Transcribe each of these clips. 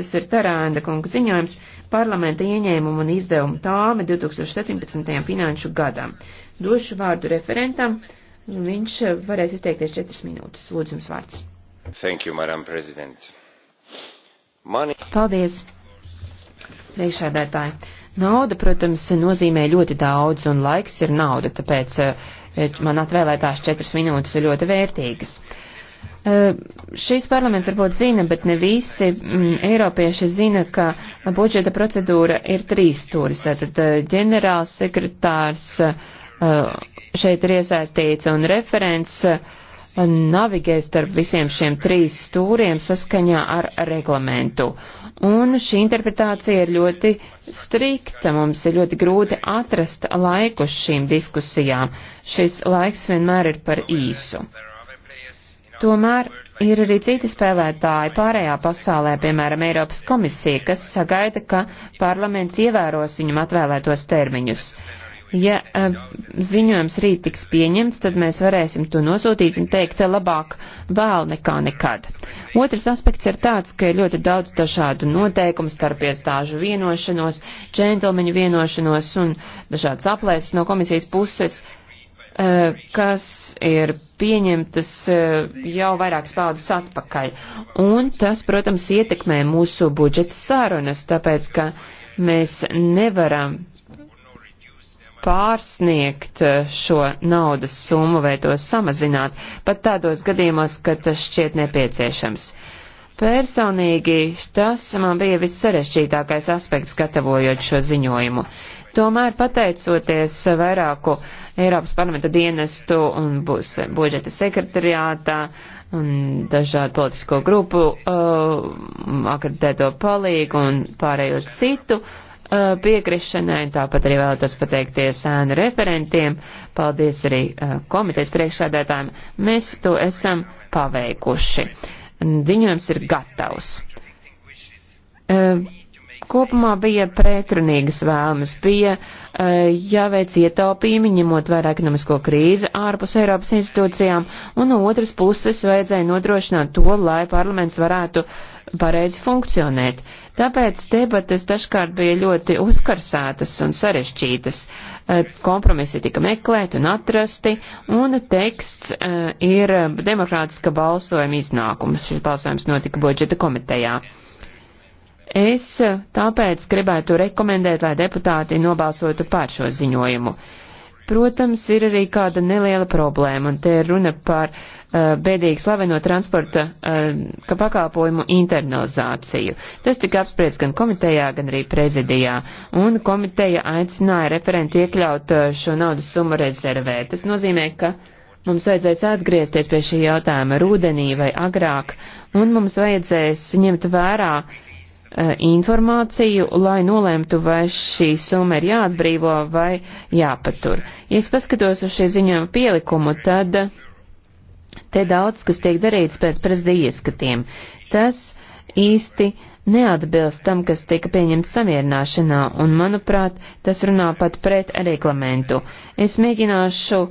Tas ir Tarānda kunga ziņojums parlamenta ieņēmumu un izdevumu tāme 2017. finanšu gadam. Došu vārdu referentam. Viņš varēs izteikties četras minūtes. Lūdzu, jums vārds. Thank you, Madam President. Mani... Paldies, priekšādētāji. Nauda, protams, nozīmē ļoti daudz, un laiks ir nauda, tāpēc eh, man atvēlētās četras minūtes ir ļoti vērtīgas. Uh, Šīs parlaments varbūt zina, bet ne visi m, mm, eiropieši zina, ka budžeta procedūra ir trīs stūris. Tātad ģenerāls sekretārs šeit ir iesaistīts un referents navigē starp visiem šiem trīs stūriem saskaņā ar reglamentu. Un šī interpretācija ir ļoti strikta. Mums ir ļoti grūti atrast laiku šīm diskusijām. Šis laiks vienmēr ir par īsu. Tomēr ir arī citi spēlētāji pārējā pasaulē, piemēram, Eiropas komisija, kas sagaida, ka parlaments ievēros viņam atvēlētos termiņus. Ja e, ziņojums rīt tiks pieņemts, tad mēs varēsim to nosūtīt un teikt e, labāk vēl nekā nekad. Otrs aspekts ir tāds, ka ir ļoti daudz dažādu noteikumu starp iestāžu vienošanos, džentelmeņu vienošanos un dažādas aplēses no komisijas puses, Eh, kas ir pieņemtas eh, jau vairākas paudzes atpakaļ. Un tas, protams, ietekmē mūsu budžeta sārunas, tāpēc, ka mēs nevaram pārsniegt eh, šo naudas summu vai to samazināt, pat tādos gadījumos, kad tas šķiet nepieciešams. Personīgi tas man bija vissarežģītākais aspekts gatavojot šo ziņojumu. Tomēr pateicoties vairāku Eiropas parlamenta dienestu un būs budžeta sekretariātā un dažādu politisko grupu uh, akreditēto palīgu un pārējo citu uh, piekrišanai, tāpat arī vēlētos pateikties ēnu referentiem, paldies arī uh, komitejas priekšsēdētājiem, mēs to esam paveikuši. Ziņojums ir gatavs. Uh, Kopumā bija pretrunīgas vēlmes, bija uh, jāveic ietaupījumi, ņemot vērā ekonomisko krīzi ārpus Eiropas institūcijām, un no otras puses vajadzēja nodrošināt to, lai parlaments varētu pareizi funkcionēt. Tāpēc debates dažkārt bija ļoti uzkarsētas un sarešķītas. Uh, eh, kompromisi tika meklēti un atrasti, un teksts uh, ir demokrātiska balsojuma iznākums. Šis balsojums notika budžeta komitejā. Es tāpēc gribētu rekomendēt, lai deputāti nobalsotu par šo ziņojumu. Protams, ir arī kāda neliela problēma, un te ir runa par uh, bēdīgi slaveno transporta uh, pakalpojumu internalizāciju. Tas tika apspriests gan komitejā, gan arī prezidijā, un komiteja aicināja referentu iekļaut eh, šo naudas summu rezervē. Tas nozīmē, ka mums vajadzēs atgriezties pie šī jautājuma rudenī vai agrāk, un mums vajadzēs ņemt vērā uh, E, informāciju, lai nolēmtu, vai šī summa ir jāatbrīvo vai jāpatur. Ja es paskatos uz šī ziņojuma pielikumu, tad te daudz, kas tiek darīts pēc prezidija ieskatiem. Tas īsti neatbilst tam, kas tika pieņemts samierināšanā, un, manuprāt, tas runā pat pret reglamentu. Es mēģināšu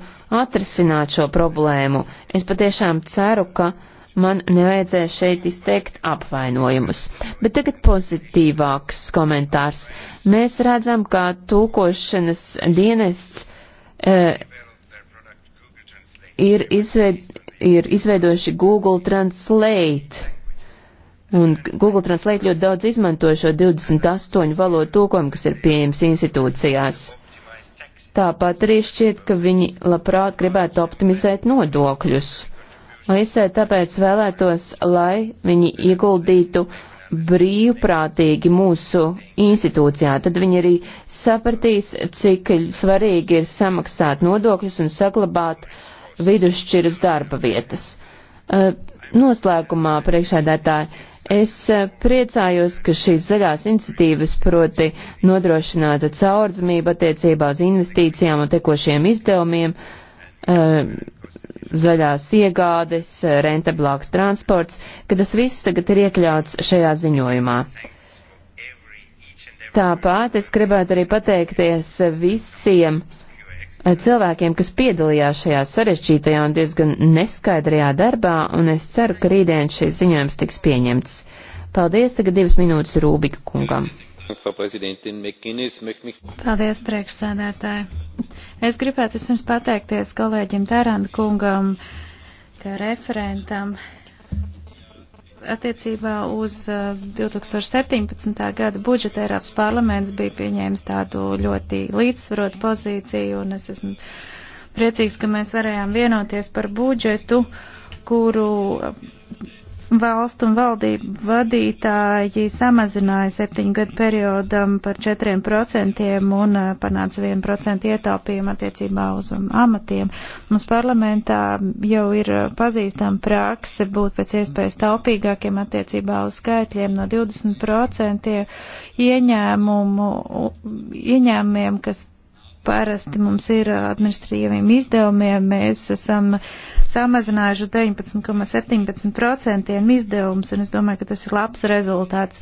atrisināt šo problēmu. Es patiešām ceru, ka man nevajadzēja šeit izteikt apvainojumus. Bet tagad pozitīvāks komentārs. Mēs redzam, ka tūkošanas dienests e, ir, izveid, ir izveidojuši Google Translate. Un Google Translate ļoti daudz izmanto šo 28 valodu tūkojumu, kas ir pieejams institūcijās. Tāpat arī šķiet, ka viņi labprāt gribētu optimizēt nodokļus. Uh, Es eh, tāpēc vēlētos, lai viņi ieguldītu brīvprātīgi mūsu institūcijā, tad viņi arī sapratīs, cik svarīgi ir samaksāt nodokļus un saglabāt vidusšķiras darba vietas. Eh, noslēgumā, priekšēdētāji, es eh, priecājos, ka šīs zaļās iniciatīvas proti nodrošināta caurdzamība attiecībā uz investīcijām un tekošiem izdevumiem zaļās iegādes, rentablāks transports, ka tas viss tagad ir iekļauts šajā ziņojumā. Tāpat es gribētu arī pateikties visiem cilvēkiem, kas piedalījās šajā sarežģītajā un diezgan neskaidrajā darbā, un es ceru, ka rītdien šis ziņojums tiks pieņemts. Paldies, tagad divas minūtes Rūbika kungam. Paldies, priekšsēdētāji. Es gribētu vispirms pateikties kolēģim Tēranda kungam, kā referentam, attiecībā uz 2017. Eh, gada budžeta Eiropas parlaments bija pieņēmis tādu ļoti līdzsvarotu pozīciju, un es esmu priecīgs, ka mēs varējām vienoties par budžetu, kuru valstu un valdību vadītāji samazināja septiņu gadu periodam par 4% un eh, panāca 1% ietaupījumu attiecībā uz um, amatiem. Mums parlamentā jau ir eh, pazīstama prakse būt pēc iespējas taupīgākiem attiecībā uz skaitļiem no 20% ieņēmumu, ieņēmumiem, kas parasti mums ir uh, administratīviem izdevumiem. Mēs esam samazinājuši uz 19,17% izdevumus, un es domāju, ka tas ir labs rezultāts.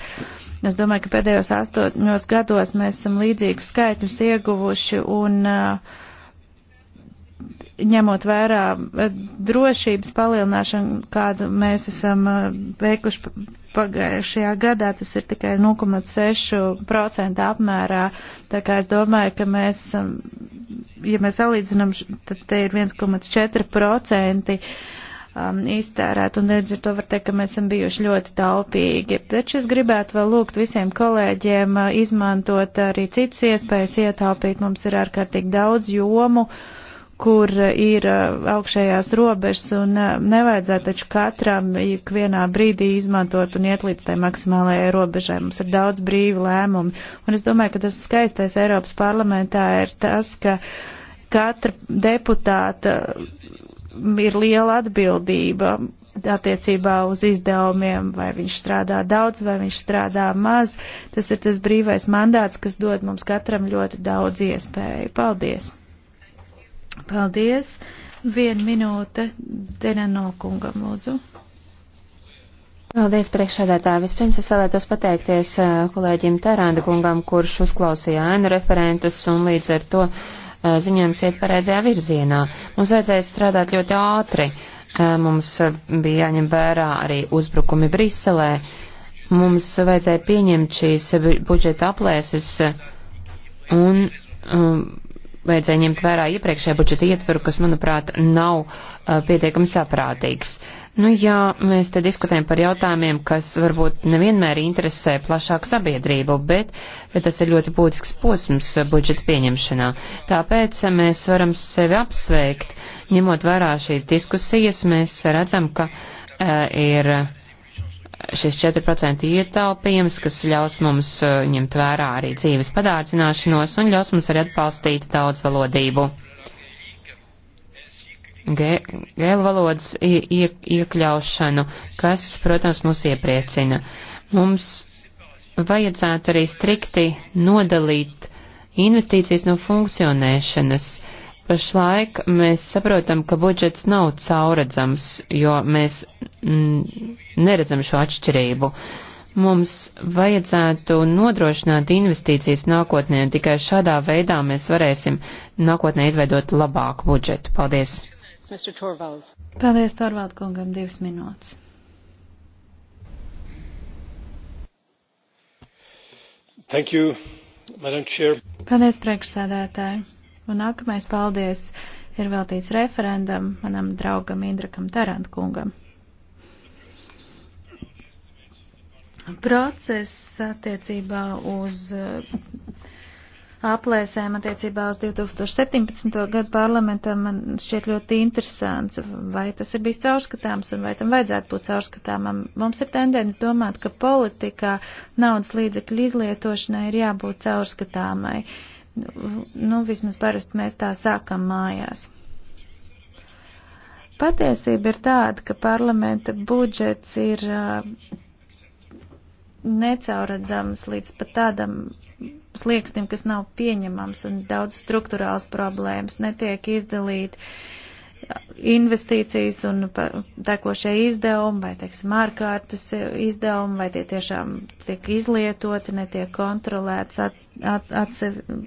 Es domāju, ka pēdējos astoņos gados mēs esam līdzīgus skaitļus ieguvuši, un uh, ņemot vērā eh, drošības palielināšanu, kādu mēs esam eh, veikuši pagājušajā gadā, tas ir tikai 0,6% apmērā. Tā kā es domāju, ka mēs, eh, ja mēs salīdzinām, tad te ir 1,4% um, iztērēt, un līdz ar to var teikt, ka mēs esam bijuši ļoti taupīgi. Taču es gribētu vēl lūgt visiem kolēģiem izmantot arī citas iespējas ietaupīt. Mums ir ārkārtīgi daudz jomu. Uh, kur eh, ir eh, augšējās robežas, un eh, nevajadzētu taču katram ikvienā brīdī izmantot un iet līdz tai maksimālajai robežai. Mums ir daudz brīvu lēmumu, un es domāju, ka tas skaistais Eiropas parlamentā ir tas, ka katra deputāta mm, ir liela atbildība attiecībā uz izdevumiem, vai viņš strādā daudz, vai viņš strādā maz. Tas ir tas brīvais mandāts, kas dod mums katram ļoti daudz iespēju. Paldies! Paldies. Vienu minūte Denano kungam, lūdzu. Paldies, priekšsēdētāji. Vispirms es vēlētos pateikties eh, kolēģim Taranda kungam, kurš uzklausīja ainu referentus un līdz ar to eh, ziņojums iet pareizajā virzienā. Mums vajadzēja strādāt ļoti ātri. Eh, mums bija jāņem vērā arī uzbrukumi Briselē. Mums vajadzēja pieņemt šīs budžeta aplēses un um, vajadzēja ņemt vērā iepriekšējā budžeta ietveru, kas, manuprāt, nav uh, pietiekami saprātīgs. Nu jā, mēs te diskutējam par jautājumiem, kas varbūt nevienmēr interesē plašāku sabiedrību, bet, bet tas ir ļoti būtisks posms budžeta pieņemšanā. Tāpēc mēs varam sevi apsveikt. Ņemot vērā šīs diskusijas, mēs redzam, ka uh, ir. Uh, šis 4% ietaupījums, kas ļaus mums uh, ņemt vērā arī dzīves padārdzināšanos un ļaus mums arī atbalstīt daudzvalodību. Gēlu valodas ie, iekļaušanu, kas, protams, mūs iepriecina. Mums vajadzētu arī strikti nodalīt investīcijas no funkcionēšanas. Uh, Pašlaik mēs saprotam, ka budžets nav cauredzams, jo mēs mm, neredzam šo atšķirību. Mums vajadzētu nodrošināt investīcijas nākotnē, un tikai šādā veidā mēs varēsim nākotnē izveidot labāku budžetu. Paldies! Paldies, Torvald kungam, divas minūtes. Thank you, Madam Chair. Paldies, priekšsēdētāji. Un nākamais paldies ir veltīts referendam manam draugam Indrakam Tarantkungam. Process attiecībā uz uh, aplēsēm attiecībā uz 2017. gadu parlamentam man šķiet ļoti interesants, vai tas ir bijis caurskatāms un vai tam vajadzētu būt caurskatāmam. Mums ir tendence domāt, ka politikā naudas līdzekļu izlietošanai ir jābūt caurskatāmai. Uh, Nu, vismaz parasti mēs tā sākam mājās. Patiesība ir tāda, ka parlamenta budžets ir necauradzams līdz pat tādam slieksnim, kas nav pieņemams, un daudz struktūrāls problēmas netiek izdalīti investīcijas un tekošie izdevumi vai, teiksim, ārkārtas izdevumi, vai tie tiešām tiek izlietoti, netiek kontrolēts, at, at, atsevi,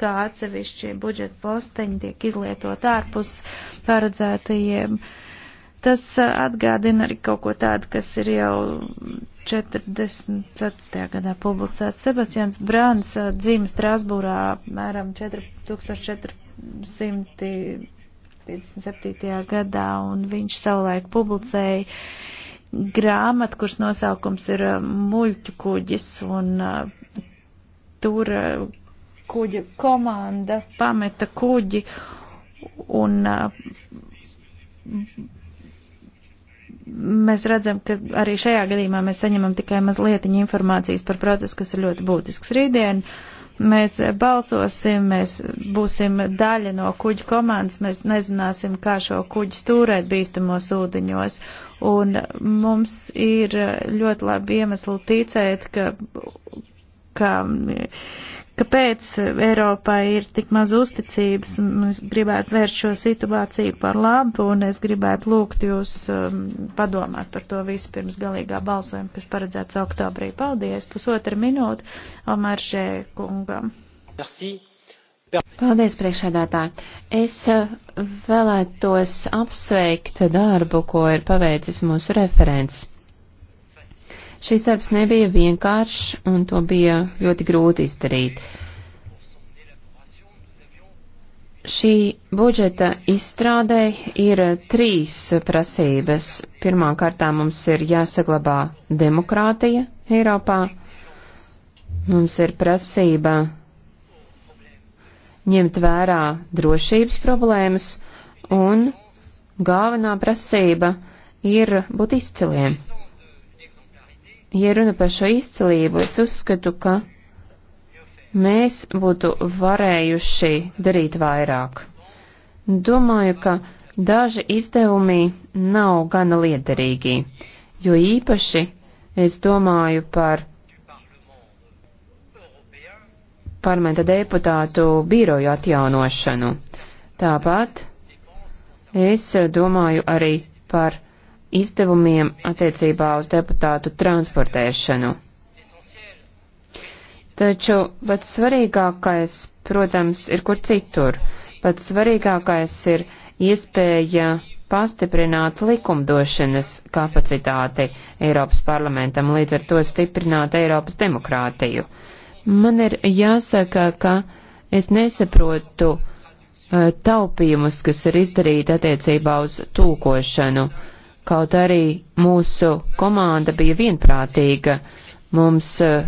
kā atsevišķi budžeta posteņi tiek izlietot ārpus paredzētajiem. Tas atgādina arī kaut ko tādu, kas ir jau 44. gadā publicēts. Sebastians Brāns dzīves Strasbūrā mēram 4400 57. gadā, un viņš savulaik publicēja grāmatu, kuras nosaukums ir Muļķu kuģis, un tur kuģa komanda pameta kuģi, un mēs redzam, ka arī šajā gadījumā mēs saņemam tikai mazliet informācijas par procesu, kas ir ļoti būtisks rītdien. Uh, Mēs balsosim, mēs būsim daļa no kuģu komandas, mēs nezināsim, kā šo kuģu stūrēt bīstamos ūdeņos. Un mums ir ļoti labi iemesli ticēt, ka, ka Kāpēc Eiropai ir tik maz uzticības? Es gribētu vērst šo situāciju par labu, un es gribētu lūgt jūs um, padomāt par to visu pirms galīgā balsojuma, kas paredzēts oktobrī. Paldies! Pusotra minūte Omaršē kungam. Merci. Paldies, priekšēdētāji. Es uh, vēlētos apsveikt darbu, ko ir paveicis mūsu referents. Šis darbs nebija vienkāršs, un to bija ļoti grūti izdarīt. Šī budžeta izstrādē ir trīs prasības. Pirmā kārtā mums ir jāsaglabā demokrātija Eiropā. Mums ir prasība ņemt vērā drošības problēmas, un galvenā prasība ir būt izciliem ja runa par šo izcilību, es uzskatu, ka mēs būtu varējuši darīt vairāk. Domāju, ka daži izdevumi nav gana liederīgi, jo īpaši es domāju par parlamenta deputātu biroju atjaunošanu. Tāpat es domāju arī par izdevumiem attiecībā uz deputātu transportēšanu. Taču pats svarīgākais, protams, ir kur citur. Pats svarīgākais ir iespēja pastiprināt likumdošanas kapacitāti Eiropas parlamentam, līdz ar to stiprināt Eiropas demokrātiju. Man ir jāsaka, ka es nesaprotu uh, taupījumus, kas ir izdarīti attiecībā uz tūkošanu. Uh, Kaut arī mūsu komanda bija vienprātīga, mums, eh,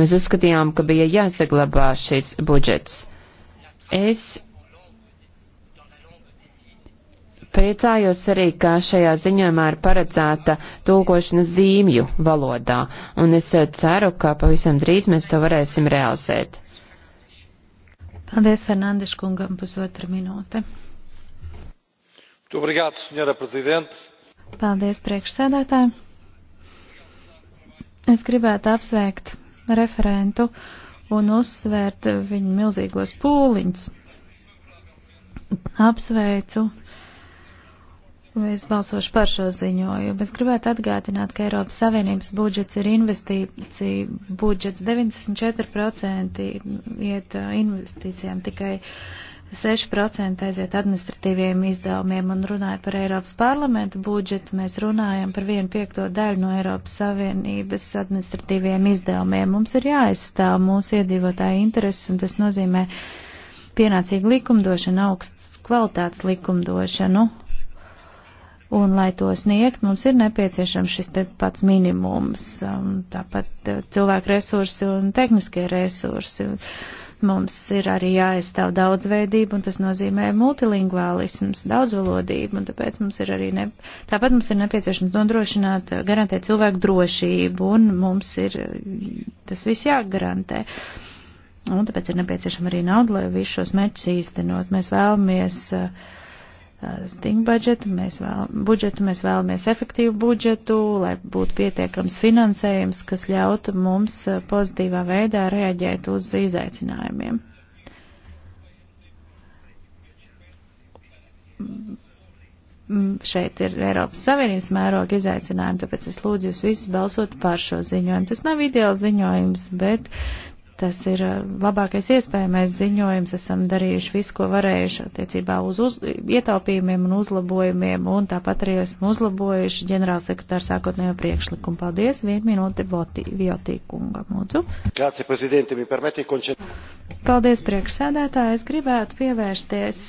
mēs uzskatījām, ka bija jāsaglabā šis budžets. Es priecājos arī, ka šajā ziņojumā ir paredzēta tulkošana zīmju valodā, un es eh, ceru, ka pavisam drīz mēs to varēsim realizēt. Paldies Fernandes kungam pusotra minūte. Muito obrigado, senhora Presidente. Paldies priekšsēdētāji. Es gribētu apsveikt referentu un uzsvērt viņu milzīgos pūliņus. Apsveicu. Es balsošu par šo ziņojumu. Es gribētu atgādināt, ka Eiropas Savienības budžets ir investīcija budžets. 94% iet uh, investīcijām tikai 6% aiziet administratīviem izdevumiem, un runājot par Eiropas parlamenta budžetu, mēs runājam par 1 piekto daļu no Eiropas Savienības administratīviem izdevumiem. Mums ir jāaizstāv mūsu iedzīvotāju intereses, un tas nozīmē pienācīgu likumdošanu, augsts kvalitātes likumdošanu. Un, lai to sniegt, mums ir nepieciešams šis te pats minimums, um, tāpat uh, cilvēku resursi un tehniskie resursi. Uh, mums ir arī jāaizstāv daudzveidība, un tas nozīmē multilingvālisms, daudzvalodība, un tāpēc mums ir arī, ne... tāpat mums ir nepieciešams nodrošināt, eh, garantēt cilvēku drošību, un mums ir tas viss jāgarantē. Un tāpēc ir nepieciešama arī nauda, lai visus šos mērķus īstenot. Mēs vēlamies uh, stingu budžetu, mēs, vēl, budžetu, mēs vēlamies efektīvu budžetu, lai būtu pietiekams finansējums, kas ļautu mums pozitīvā veidā reaģēt uz izaicinājumiem. Šeit ir Eiropas Savienības mēroga izaicinājumi, tāpēc es lūdzu jūs visus balsot par šo ziņojumu. Tas nav ideāls ziņojums, bet uh, Tas ir eh, labākais iespējamais ziņojums. Esam darījuši visu, ko varējuši attiecībā uz, uz ietaupījumiem un uzlabojumiem, un tāpat arī esam uzlabojuši ģenerālsekretāra sākotnējo priekšlikumu. Paldies! Vienu minūti Viotī kungam, lūdzu. Paldies, priekšsēdētāji! Es gribētu pievērsties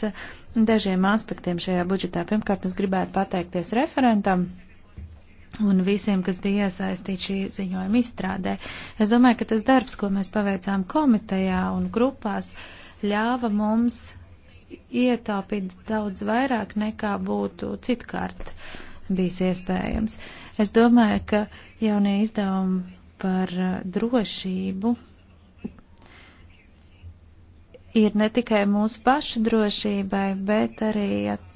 dažiem aspektiem šajā budžetā. Pirmkārt, es gribētu pateikties referentam un visiem, kas bija iesaistīti šī ziņojuma izstrādē. Es domāju, ka tas darbs, ko mēs paveicām komitejā un grupās, ļāva mums ietaupīt daudz vairāk nekā būtu citkārt bijis iespējams. Es domāju, ka jaunie izdevumi par uh, drošību ir ne tikai mūsu pašu drošībai, bet arī at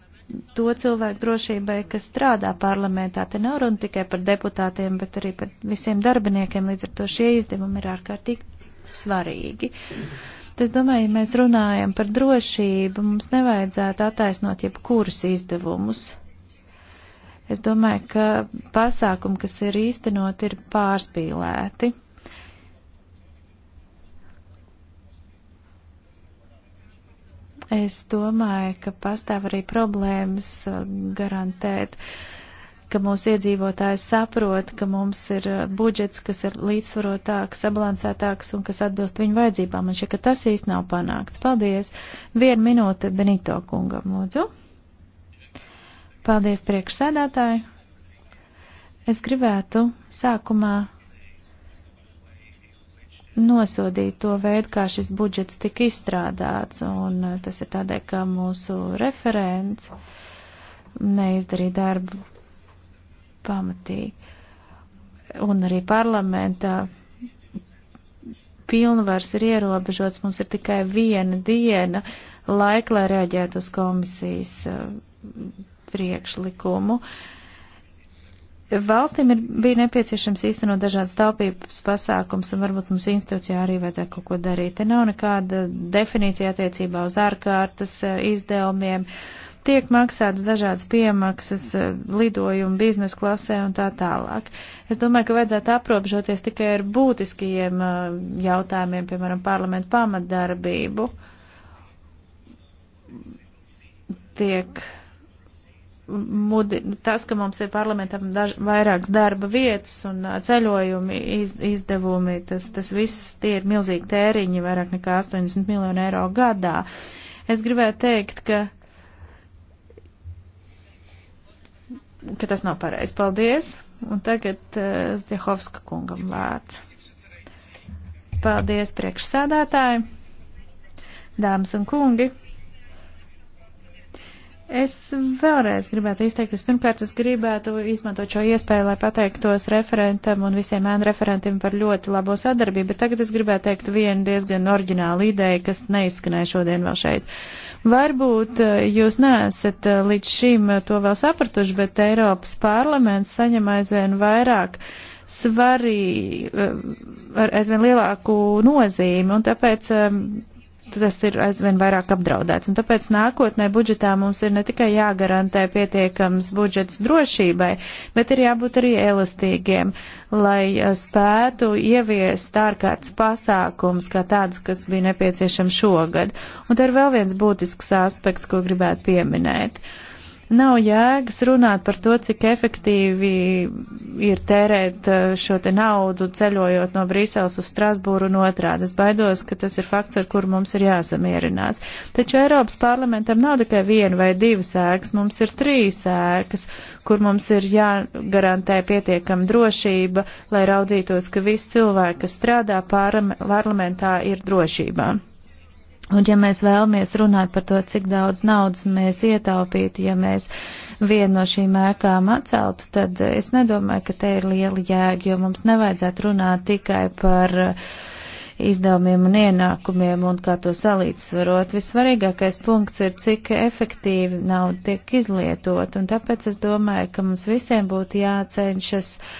to cilvēku drošībai, kas strādā parlamentā. Te nav runa tikai par deputātiem, bet arī par visiem darbiniekiem, līdz ar to šie izdevumi ir ārkārtīgi svarīgi. Es domāju, ja mēs runājam par drošību, mums nevajadzētu attaisnot jebkurus izdevumus. Es domāju, ka pasākumi, kas ir īstenot, ir pārspīlēti. es domāju, ka pastāv arī problēmas uh, garantēt ka mūsu iedzīvotāji saprot, ka mums ir uh, budžets, kas ir līdzsvarotāks, sabalansētāks un kas atbilst viņu vajadzībām. Man šķiet, ka tas īsti nav panākts. Paldies. Vienu minūte Benito kungam, lūdzu. Paldies priekšsēdētāji. Es gribētu sākumā nosodīt to veidu, kā šis budžets tika izstrādāts, un uh, tas ir tādēļ, ka mūsu referents neizdarīja darbu pamatīgi. Un arī parlamentā pilnvars ir ierobežots, mums ir tikai viena diena laika, lai reaģētu uz komisijas uh, priekšlikumu. Uh, Valstīm ir, bija nepieciešams īstenot dažādas taupības pasākums, un varbūt mums institūcijā arī vajadzētu kaut ko darīt. Te nav nekāda definīcija attiecībā uz ārkārtas eh, izdevumiem. Tiek maksātas dažādas piemaksas eh, lidojumu biznesa klasē un tā tālāk. Es domāju, ka vajadzētu aprobežoties tikai ar būtiskajiem eh, jautājumiem, piemēram, parlamentu pamatdarbību. Tiek mudi, tas, ka mums ir parlamentam daž, vairākas darba vietas un ceļojumi, iz, izdevumi, tas, tas viss tie ir milzīgi tēriņi, vairāk nekā 80 miljonu eiro gadā. Es gribēju teikt, ka, ka tas nav pareizi. Paldies! Un tagad uh, Zdehovska kungam vārds. Paldies priekšsēdētāji, dāmas un kungi! Es vēlreiz gribētu izteikties. Pirmkārt, es gribētu izmantot šo iespēju, lai pateiktos referentam un visiem ēnu referentiem par ļoti labo sadarbību, bet tagad es gribētu teikt vienu diezgan oriģinālu ideju, kas neizskanēja šodien vēl šeit. Varbūt eh, jūs neesat eh, līdz šim eh, to vēl sapratuši, bet Eiropas parlaments saņem aizvien vairāk svarī, ar aizvien lielāku nozīmi, un tāpēc tas ir aizvien vairāk apdraudēts. Un tāpēc nākotnē budžetā mums ir ne tikai jāgarantē pietiekams budžets drošībai, bet ir jābūt arī elastīgiem, lai eh, spētu ieviest ārkārtas pasākums, kā tādus, kas bija nepieciešams šogad. Un te ir vēl viens būtisks aspekts, ko gribētu pieminēt. Uh, Nav jēgas runāt par to, cik efektīvi ir tērēt uh, šo te naudu ceļojot no Brīseles uz Strasbūru un otrādi. Es baidos, ka tas ir fakts, ar kuru mums ir jāsamierinās. Taču Eiropas parlamentam nav tikai viena vai divas ēkas, mums ir trīs ēkas, kur mums ir jāgarantē pietiekama drošība, lai raudzītos, ka visi cilvēki, kas strādā parlamentā, ir drošībā. Un ja mēs vēlamies runāt par to, cik daudz naudas mēs ietaupītu, ja mēs vienu no šīm ēkām atceltu, tad es nedomāju, ka te ir liela jēga, jo mums nevajadzētu runāt tikai par izdevumiem un ienākumiem un kā to salīdzsvarot. Vissvarīgākais punkts ir, cik efektīvi nauda tiek izlietot, un tāpēc es domāju, ka mums visiem būtu jācenšas uh,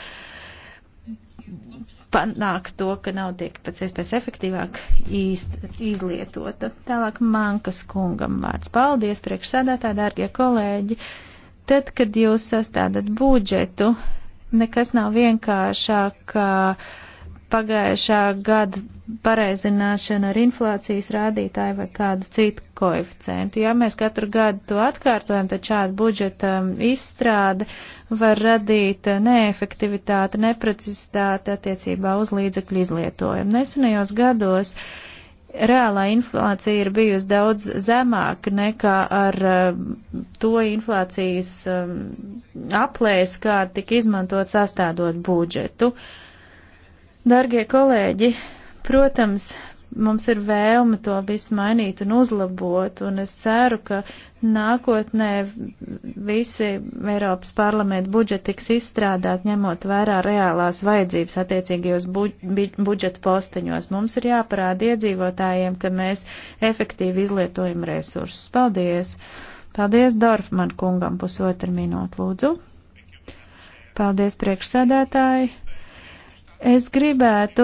panākt to, ka nav tiek pēc iespējas efektīvāk īst, izlietota. Tālāk Mankas kungam vārds. Paldies, priekšsēdētāji, dārgie kolēģi. Tad, kad jūs sastādat budžetu, nekas nav vienkāršāk. Uh, pagājušā gada pareizināšana ar inflācijas rādītāju vai kādu citu koeficientu. Ja mēs katru gadu to atkārtojam, tad šāda budžeta um, izstrāde var radīt uh, neefektivitāti, neprecizitāti attiecībā uz līdzekļu izlietojumu. Nesenajos gados reālā inflācija ir bijusi daudz zemāka nekā ar um, to inflācijas um, aplēs, kā tika izmantot sastādot budžetu. Uh, Dargie kolēģi, protams, mums ir vēlme to visu mainīt un uzlabot, un es ceru, ka nākotnē visi Eiropas parlamenta budžeti tiks izstrādāt, ņemot vērā reālās vajadzības attiecīgajos budžeta posteņos. Mums ir jāparāda iedzīvotājiem, ka mēs efektīvi izlietojam resursus. Paldies! Paldies Dorfman kungam pusotru minūtu, lūdzu! Paldies priekšsēdētāji! Es gribētu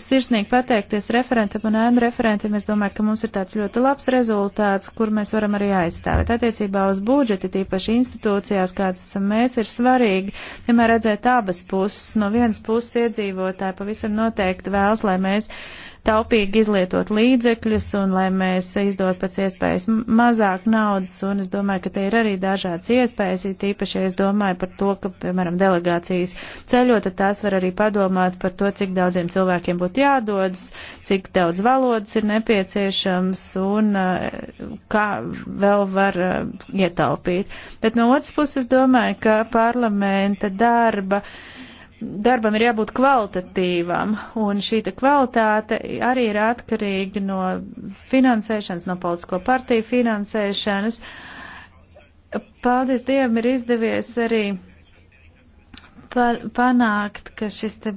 sirsnīgi pateikties referentam un ēnu referentam. Es domāju, ka mums ir tāds ļoti labs rezultāts, kur mēs varam arī aizstāvēt. Attiecībā uz budžeti, tīpaši institūcijās, kādas esam mēs, ir svarīgi vienmēr redzēt abas puses. No vienas puses iedzīvotāji pavisam noteikti vēlas, lai mēs uh, taupīgi izlietot līdzekļus un lai mēs izdot pēc iespējas mazāk naudas. Un es domāju, ka te ir arī dažādas iespējas, it īpaši, ja es domāju par to, ka, piemēram, delegācijas ceļot, tad tās var arī padomāt par to, cik daudziem cilvēkiem būtu jādodas, cik daudz valodas ir nepieciešams un eh, kā vēl var eh, ietaupīt. Bet no otras puses domāju, ka parlamenta darba, uh, darbam ir jābūt kvalitatīvam, un šī kvalitāte arī ir atkarīga no finansēšanas, no politisko partiju finansēšanas. Paldies Dievam ir izdevies arī panākt, ka šis te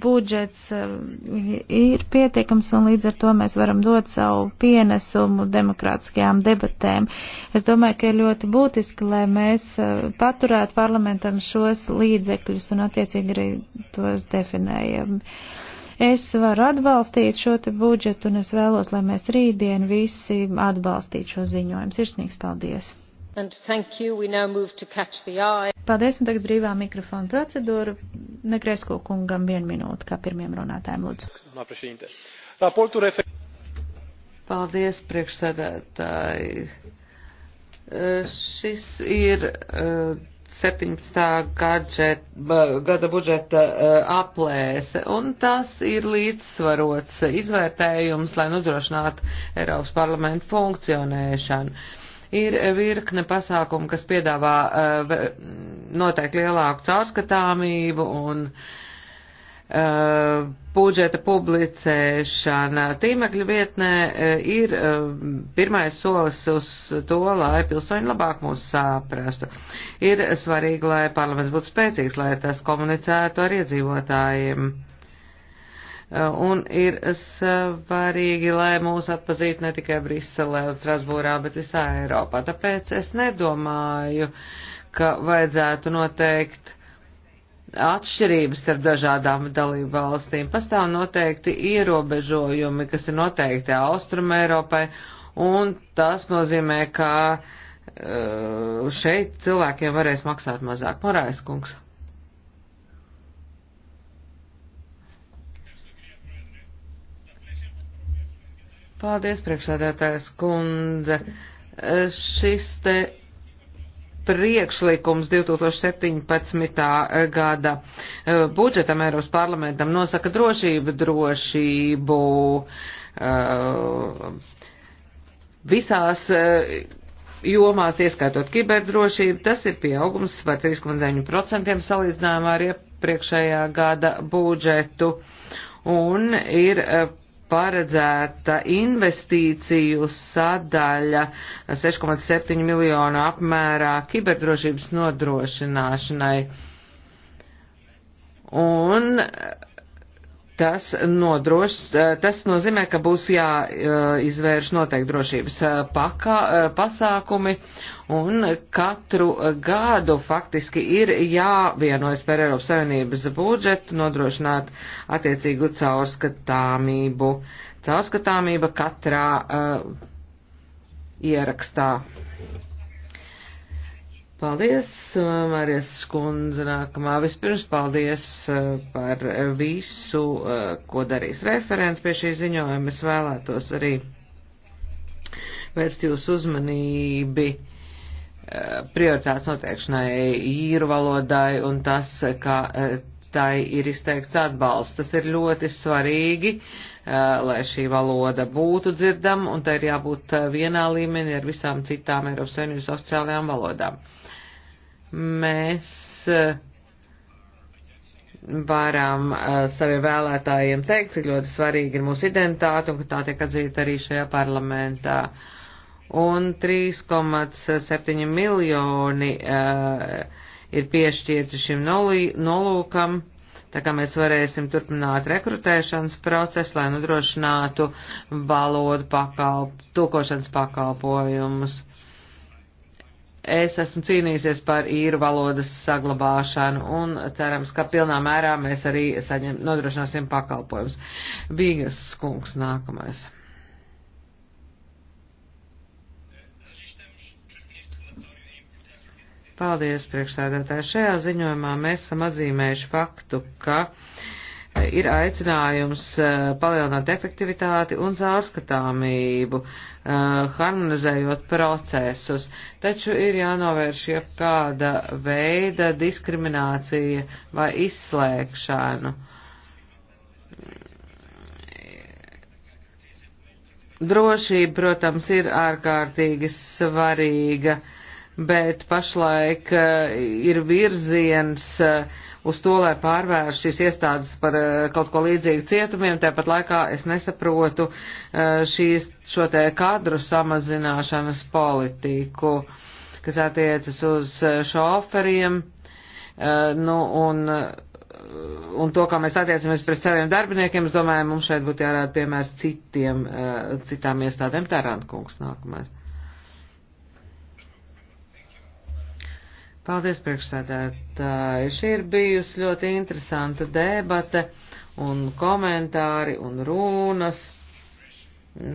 budžets eh, ir pietiekams un līdz ar to mēs varam dot savu pienesumu demokrātiskajām debatēm. Es domāju, ka ir ļoti būtiski, lai mēs eh, paturētu parlamentam šos līdzekļus un attiecīgi arī tos definējam. Es varu atbalstīt šo te budžetu un es vēlos, lai mēs rītdien visi atbalstītu šo ziņojumu. Sirsnīgs paldies! And thank you. We now move to catch the eye. Paldies, un tagad brīvā mikrofona procedūra. Negresko kungam vienu minūtu, kā pirmiem runātājiem lūdzu. Paldies, priekšsēdētāji. E, šis ir 17. E, gadžet, gada budžeta e, aplēse, un tas ir līdzsvarots izvērtējums, lai nodrošinātu Eiropas parlamentu funkcionēšanu Ir virkne pasākumu, kas piedāvā uh, noteikti lielāku caurskatāmību un uh, budžeta publicēšana tīmekļa vietnē eh, ir uh, pirmais solis uz to, lai pilsoņi labāk mūs saprastu. Ir svarīgi, lai parlaments būtu spēcīgs, lai tas komunicētu ar iedzīvotājiem Eh, un ir svarīgi, lai mūs atpazītu ne tikai Briselē un Strasbūrā, bet visā Eiropā. Tāpēc es nedomāju, ka vajadzētu noteikt atšķirības starp dažādām dalību valstīm. Pastāv noteikti ierobežojumi, kas ir noteikti Austrum Eiropai, un tas nozīmē, ka eh, šeit cilvēkiem varēs maksāt mazāk. Morais kungs. Paldies, priekšsēdētājs kundze. E, šis te priekšlikums 2017. gada e, budžetam Eiropas parlamentam nosaka drošību, drošību e, visās jomās, ieskaitot kiberdrošību. Tas ir pieaugums par 3,9% salīdzinājumā ar iepriekšējā gada budžetu un ir paredzēta investīciju sadaļa 6,7 miljonu apmērā kiberdrošības nodrošināšanai. Un Tas, nodroš, eh, tas nozīmē, ka būs jāizvērš eh, noteikti drošības eh, pakā, pasākumi, un katru gadu faktiski ir jāvienojas par Eiropas Savienības budžetu, nodrošināt attiecīgu caurskatāmību. Caurskatāmība katrā uh, ierakstā. Paldies, Mārijas skundze, nākamā. Vispirms paldies eh, par visu, eh, ko darīs referents pie šī ziņojuma. Es vēlētos arī vērst jūsu uzmanību eh, prioritātes noteikšanai īru valodai un tas, ka tai ir izteikts atbalsts. Tas ir ļoti svarīgi, lai šī valoda būtu dzirdama un tai ir jābūt vienā līmenī ar visām citām Eiropas Savienības oficiālajām valodām mēs eh, varam eh, saviem vēlētājiem teikt, cik ļoti svarīgi ir mūsu identitāte un ka tā tiek atzīta arī šajā parlamentā. Un 3,7 miljoni uh, ir piešķirti šim nolūkam, tā kā mēs varēsim turpināt rekrutēšanas procesu, lai nodrošinātu valodu pakalp, tulkošanas pakalpojumus. Es esmu cīnījusies par īru valodas saglabāšanu un cerams, ka pilnā mērā mēs arī saņem, nodrošināsim pakalpojumus. Bīgas skunks nākamais. Paldies, priekšsēdētāji. Šajā ziņojumā mēs esam atzīmējuši faktu, ka uh, ir aicinājums eh, palielināt efektivitāti un caurskatāmību, eh, harmonizējot procesus, taču ir jānovērš jebkāda veida diskriminācija vai izslēgšanu. Drošība, protams, ir ārkārtīgi svarīga, bet pašlaik eh, ir virziens uh, uz to, lai pārvērš šīs iestādes par eh, kaut ko līdzīgu cietumiem. Tāpat laikā es nesaprotu eh, šīs, šo te kadru samazināšanas politiku, kas attiecas uz eh, šoferiem. Nu, un, un to, kā mēs attiecamies pret saviem darbiniekiem, es domāju, mums šeit būtu jārāda piemērs citiem, citām iestādēm. Tērānkungs nākamais. Paldies, priekšsēdētāji. Šī ir bijusi ļoti interesanta debate un komentāri un runas.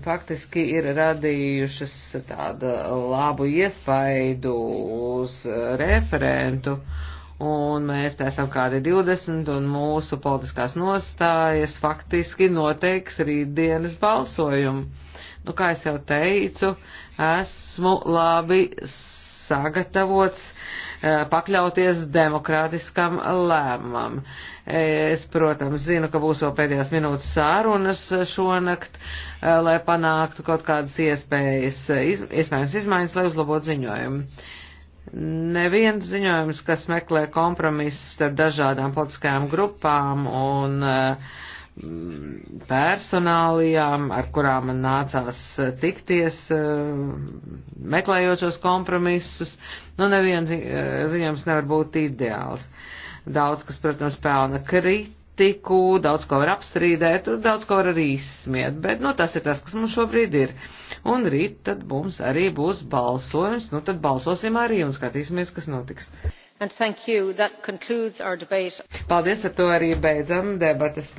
Faktiski ir radījušas tādu labu iespaidu uz referentu, un mēs te esam kādi 20, un mūsu politiskās nostājas faktiski noteiks rītdienas balsojumu. Nu, kā es jau teicu, esmu labi sagatavots eh, pakļauties demokrātiskam lēmumam. Es, protams, zinu, ka būs vēl pēdējās minūtes sārunas šonakt, eh, lai panāktu kaut kādas iespējas, eh, iz, iespējams izmaiņas, lai uzlabotu ziņojumu. Neviens ziņojums, kas meklē kompromisus starp dažādām politiskajām grupām un uh, personālijām, ar kurām man nācās tikties, eh, meklējot šos kompromisus. Nu, neviens eh, ziņojums nevar būt ideāls. Daudz, kas, protams, pelna kritiku, daudz ko var apstrīdēt, daudz ko var arī izsmiet, bet, nu, tas ir tas, kas mums šobrīd ir. Un rīt tad mums arī būs balsojums, nu, tad balsosim arī un skatīsimies, kas notiks. Paldies, ar to arī beidzam debatas.